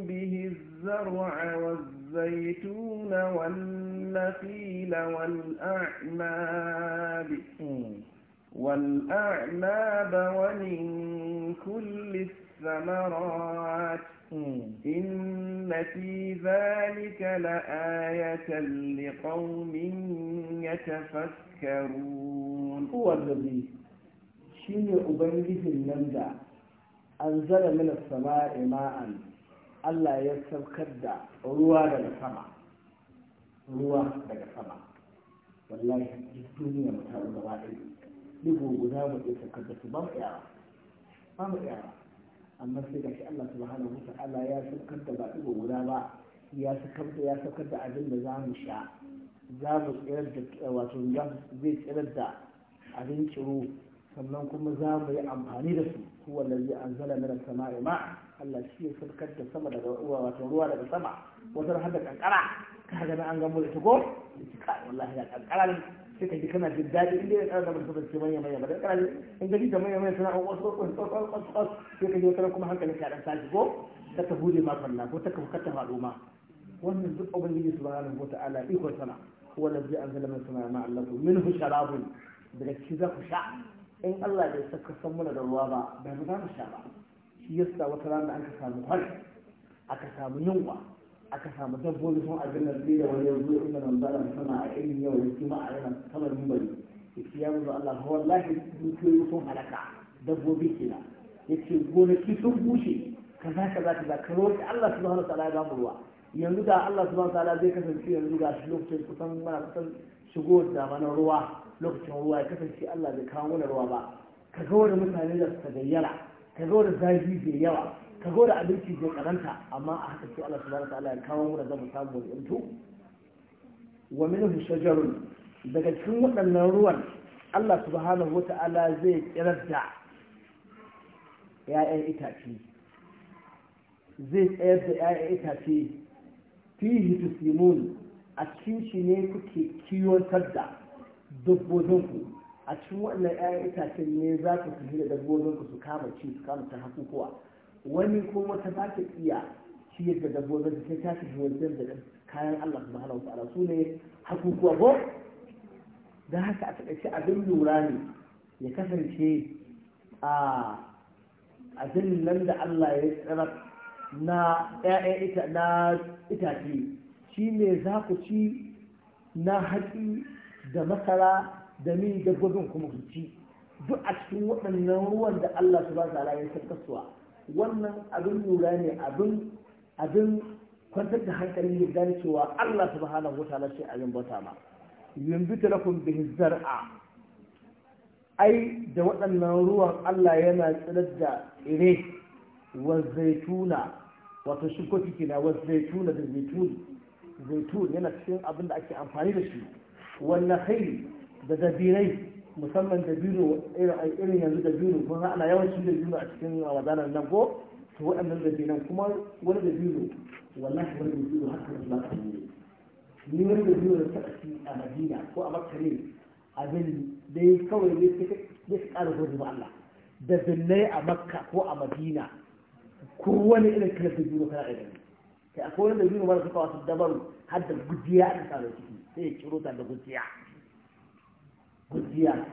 به الزرع والزيتون والنخيل والأعناب والأعناب ومن كل الثمرات إن في ذلك لآية لقوم يتفكرون هو الذي شين أبنجه النمدى أنزل من السماء ماء Allah ya saukar da ruwa daga sama ruwa daga sama wallahi duniya mutane gaba ɗaya digo guda mu iya ka da su ba mu iyawa ba mu iyawa amma sai gashi Allah subhanahu ta'ala ya sakar da ba digo guda ba ya sakar da ya sakar da abin da za mu sha za mu tsirar da wato zai tsirar da abin ciro sannan kuma za mu yi amfani da su zai an anzala min as-sama'i ma Allah shi ya sarkar da sama daga ruwa wato ruwa daga sama wata har da kankara kaga na an gamu da ta ko wallahi da kankara ne sai ka ji kana jin daɗi inda ya tsara da manya manya ba da kana in ka ji da manya manya suna an wasu wasu wasu wasu wasu sai ka ji wata kuma hankalin ka dan tashi ko ta ka bude ma falla ko ta ka fukata faɗo ma wannan duk ubangiji subhanahu wa ta'ala iko sana huwa allazi anzala min sama'i ma'an lakum minhu sharabun daga ciki za ku sha in Allah bai saka san mana da ruwa ba bai za mu sha ba shi yasa wata rana samu kwari aka samu yunwa aka samu dabbobi sun abin nan sai da wani yanzu inda nan zara sana a irin yau da kuma a yana sama bari yace ya zo Allah ko wallahi dukiyoyi sun halaka dabbobi kenan yace gonaki sun bushe kaza kaza kaza ka roki Allah subhanahu wa ta'ala ya bamu ruwa yanzu da Allah subhanahu wa ta'ala zai kasance yanzu ga shi lokacin kusan mana kusan shigo da mana ruwa lokacin ruwa ya kasance Allah bai kawo mana ruwa ba ka ga wani mutane da su gayyara ka ga wani zafi da yawa ka zo da abinci zai karanta amma a haka ce Allah subhanahu wataala ya kawo mu da zamu samu yanzu wa minhu shajarun daga cikin waɗannan ruwan Allah subhanahu wataala zai kirar da ‘ya'yan itace zai tsayar da ‘ya'yan itace fihi tusimun a cikin shi ne kuke kiwon da dabbobinku a cikin waɗannan ‘ya'yan itacen ne za ku fi da dabbobinku su kama ci su kama ta hakukuwa wani ba ta iya ciyar da dabbobin ta sai ta tafi wajen da kayan Allah subhanahu wa ta'ala su ne hakukuwa ko da haka a takaice abin lura ne ya kasance a abin nan da Allah ya tsara na ita na itace shi ne za ku ci na haƙi da masara da mi dabbobin kuma ku ci duk a cikin waɗannan ruwan da Allah subhanahu wa ta'ala ya sarkasuwa wannan abin lura ne abin abin kwantar da hankali ya gane cewa Allah subhanahu wataala ce abin bauta ma yunbitu lakum bihi zar'a ai da waɗannan ruwan Allah yana tsirar da ire wa zaituna wato shukoki kina wa zaituna da zaitun zaitun yana cikin abin da ake amfani da shi wannan khairi da dabirai musamman da biro irin yanzu da biro kun ana yawanci da biro a cikin ramadanan nan ko to waɗannan da binan kuma wani da biro wallahi wani da biro haka da ba ni wani da biro da taɓa shi a madina ko a makka ne abin dai kawai ne sai ka ƙara gudu ba Allah da zinnai a makka ko a madina ko wani irin kalar da biro kana da kai akwai wani da biro mara suka wasu dabaru har da gudiya a cikin sai ya ciro ta da gudiya. gujiya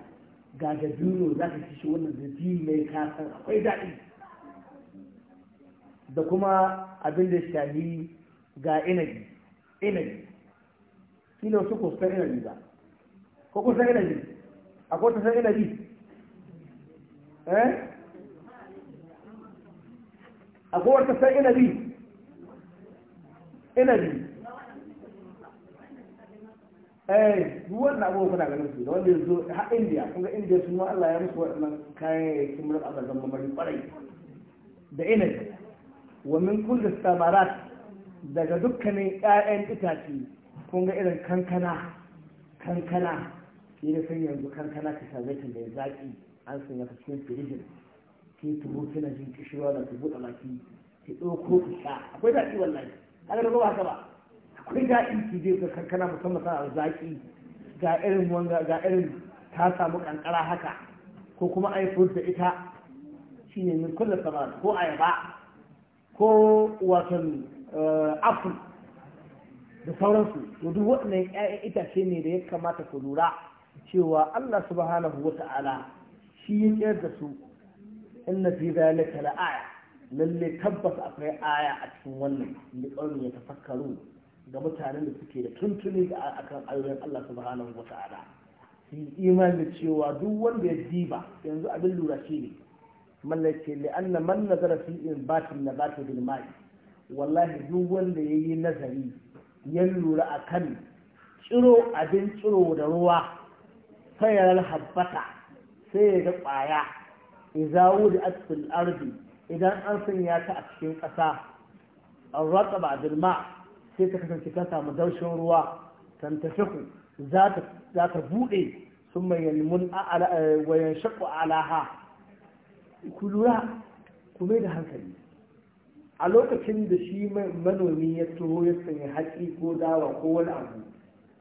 ga da dino za ka ci shi wannan zafi mai kasar akwai daɗi da kuma abin da shahi ga inabi inabi shi ne wasu kusan inabi ba ko kusan inabi akwai kusan inabi eh akwai wata san inabi inabi eh duk wannan abubuwan kuna ganin su da wanda ya yanzu har indiya kuma ga indiya sun ma Allah ya musu waɗannan kayayyakin murar ababen mamari kwarai da inaji wa min kulli samarat daga dukkanin ƴaƴan itace kun ga irin kankana kankana shi da san yanzu kankana ka same ta mai zaƙi an san ta cikin firijin ki tuho kina jin kishiwa da ku buɗe baki ki ɗauko ki sha akwai zaƙi wallahi kaga da ba haka ba akwai daɗi ki je ga kankana musamman sana'ar zaki ga irin wanga ga irin ta samu kankara haka ko kuma ai da ita shine min kullu sabar ko ayaba ko watan eh, afu da sauransu to duk waɗannan ƴaƴan itace ne da ya kamata ku lura cewa Allah subhanahu wata'ala shi ya tsayar da su inna fi zalika la'aya lalle tabbas akwai aya a cikin wannan da ya tafakkaru ga mutanen da suke da tuntuni ga akan ayoyin Allah subhanahu wa ta'ala yi imani da cewa duk wanda ya diba yanzu abin lura shi ne mallake li anna man nazara fi in batin na batin bil mai wallahi duk wanda yayi nazari ya lura akan tsiro abin tsiro da ruwa sai ya habbata sai ya ga kwaya idza wudi asfil ardi idan an sanya ta a cikin ƙasa an rataba bil ma' sai ta kasance ta samu daushin ruwa shaku za ta buɗe sun mai yalmun wayan shaƙo alaha ku lura ku mai da hankali a lokacin da shi manomi ya tuho ya sanya haƙi ko dawa ko wani abu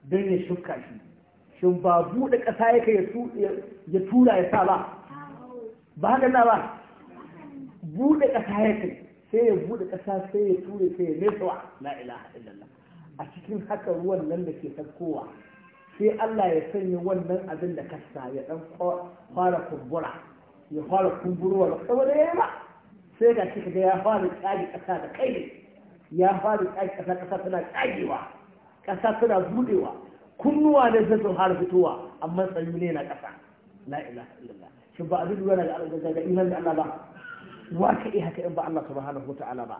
don ya shuka shi shin ba buɗe ƙasa ya kai ya tura ya sa ba ba haka na ba buɗe ƙasa ya kai sai ya bude kasa sai ya ture sai ya nitsuwa la ilaha illallah a cikin haka ruwan nan da ke sakkowa sai Allah ya sanya wannan abin da kasa ya dan fara kumbura ya fara kumburuwa saboda yayi ba sai ga shi kaga ya fara tsage kasa da kai ya fara tsage kasa kasa tana tsagewa kasa tana budewa kunnuwa ne sai sun har fitowa amma tsayu ne na kasa la ilaha illallah shi ba abin da yana ga alƙaƙa iman da Allah ba wa ka iya haka in ba Allah subhanahu wa ta'ala ba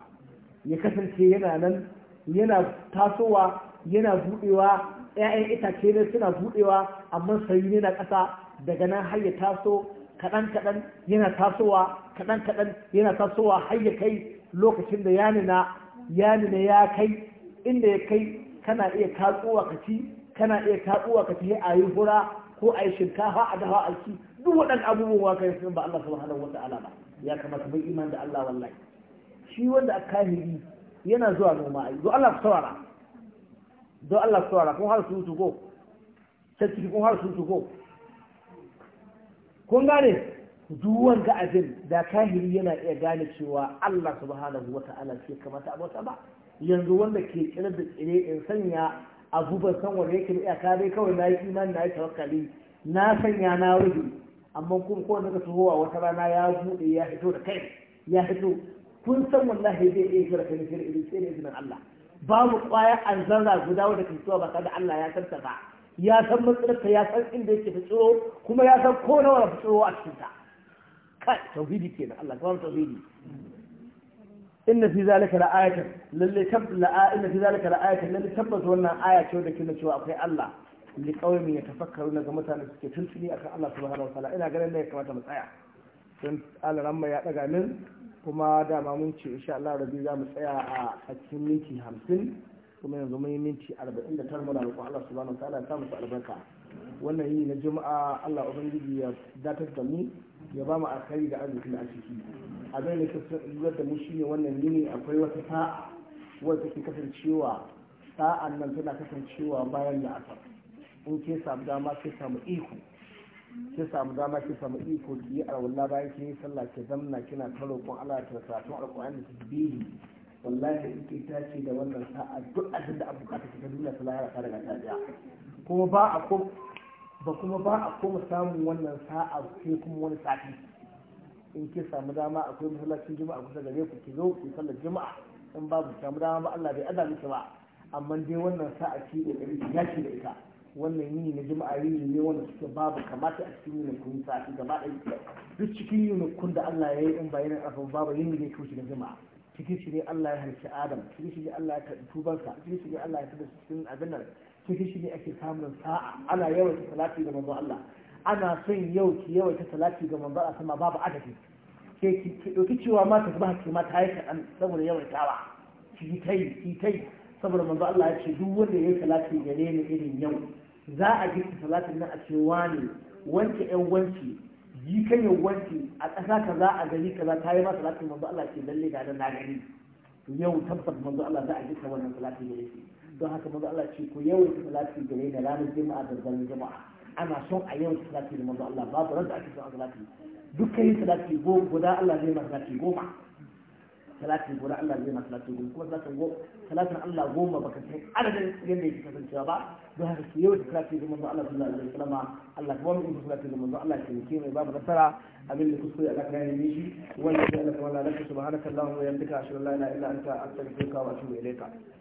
ya kasance yana nan yana tasowa yana buɗewa ‘ya'yan itace ne suna buɗewa amma sanyi ne na ƙasa daga nan har ya taso kaɗan kaɗan yana tasowa kaɗan kaɗan yana tasowa har ya kai lokacin da yanina yanina ya kai inda ya kai kana iya tatsuwa ka ci kana iya tatsuwa ka ci a yi hura ko a yi shinkafa a dafa alki duk waɗannan abubuwa ka sun ba Allah subhanahu wa ta'ala ba ya kamata bai iman da Allah wallahi shi wanda aka kahiri yana zuwa noma ai don Allah ku saurara don Allah ku saurara kun har su ko ta ciki kun har su ko kun gane duk wanda abin da kahiri yana iya gane cewa Allah subhanahu wata'ala shi kamata a bauta ba yanzu wanda ke kira da tsire in sanya abu ban san wanda yake da iyaka dai kawai na yi imani na yi tawakkali na sanya na rubi amma kuma kowanne ka tahowa wata rana ya buɗe ya fito da kai ya fito kun san wallahi zai iya shi da kai sai irin sai izinin Allah babu kwaya an zanza guda wanda ke fitowa ba tare da Allah ya tarta ba ya san matsalarka ya san inda yake fito kuma ya san ko nawa fito a cikin ta kai tauhidi kenan Allah kuma tauhidi inna fi zalika la'ayatan lalle tab inna fi zalika la'ayatan lalle tabbas wannan aya ce da kina cewa akwai Allah li qaumin yatafakkaruna ga mutane suke tuntuni akan Allah subhanahu wa ta'ala ina ganin da ya kamata mu tsaya don alaran ya daga min kuma dama mun ce insha Allah rabi za mu tsaya a cikin minti hamsin kuma yanzu mun yi minti arba'in da tara muna roƙon Allah subhanahu Ta'ala ya samu albarka wannan yi na juma'a Allah ubangiji ya datar da mu ya ba mu alkhairi da arziki da ciki abin da ke lura da mu shine wannan yini akwai wata sa'a wadda take kasancewa sa'an nan tana kasancewa bayan asar in ke samu dama ke samu iko ke samu dama ke samu iko ki yi alwala bayan ki yi sallah ki zamna kina ta roƙon Allah ta karatun alƙur'ani ki bihi wallahi in ki tashi da wannan sa'a duk abin da abu ka ta duniya ta lahara ta daga ta biya kuma ba a ko ba kuma ba a koma samun wannan sa'a sai kuma wani sati in ke samu dama akwai masallacin juma'a kusa gare ku ki zo ki sallar juma'a in babu samu dama ba Allah bai azami ki ba amma dai wannan sa'a ce da ya da ita wannan yi na jima'a yi ne wanda suke babu kamata a cikin kun sati gaba ɗaya duk cikin kun da Allah ya yi in bayanin afan babu yin ne kyau na jima'a cikin shi ne Allah ya halci Adam cikin shi ne Allah ya karɓi tubansa cikin shi ne Allah ya tabbata cikin abin cikin shi ne ake samun sa'a ana yawaita salati ga manzo Allah ana son yau ki yawaita salati ga manzo Allah sama babu adadi ke ki dauki cewa ma ta ba ki ma ta yi kaɗan saboda yawaitawa ki yi tai ki tai saboda manzo Allah ya ce duk wanda ya yi salati gare ni irin yau za a girka salatin nan a ce wani wanke yan wanki yi kan yan wanki a ƙasa ka za a gari kaza ta yi ma salatin manzo Allah ce lalle ga nan na gari yau tabbas manzo Allah za a girka wannan salatin da yake don haka manzo Allah ce ko yau salatin da yake ranar juma'a da ranar juma'a ana son a yau salatin da manzo Allah babu ran da ake son a salatin dukkan salatin goma guda Allah zai ma salatin goma talatin gona Allah zai na talatin gona kuma talatin goma talatin Allah goma baka san adadin yadda yake kasancewa ba don haka ke yau da talatin goma zuwa Allah sallallahu alaihi wasallam Allah kuma mu yi talatin goma zuwa Allah ke ke mai babu nasara abin da kuskure Allah ka yi mishi wannan sai Allah kuma lalaka subhanaka Allahumma yamdika ashhadu an la ilaha illa anta astaghfiruka wa atubu ilaika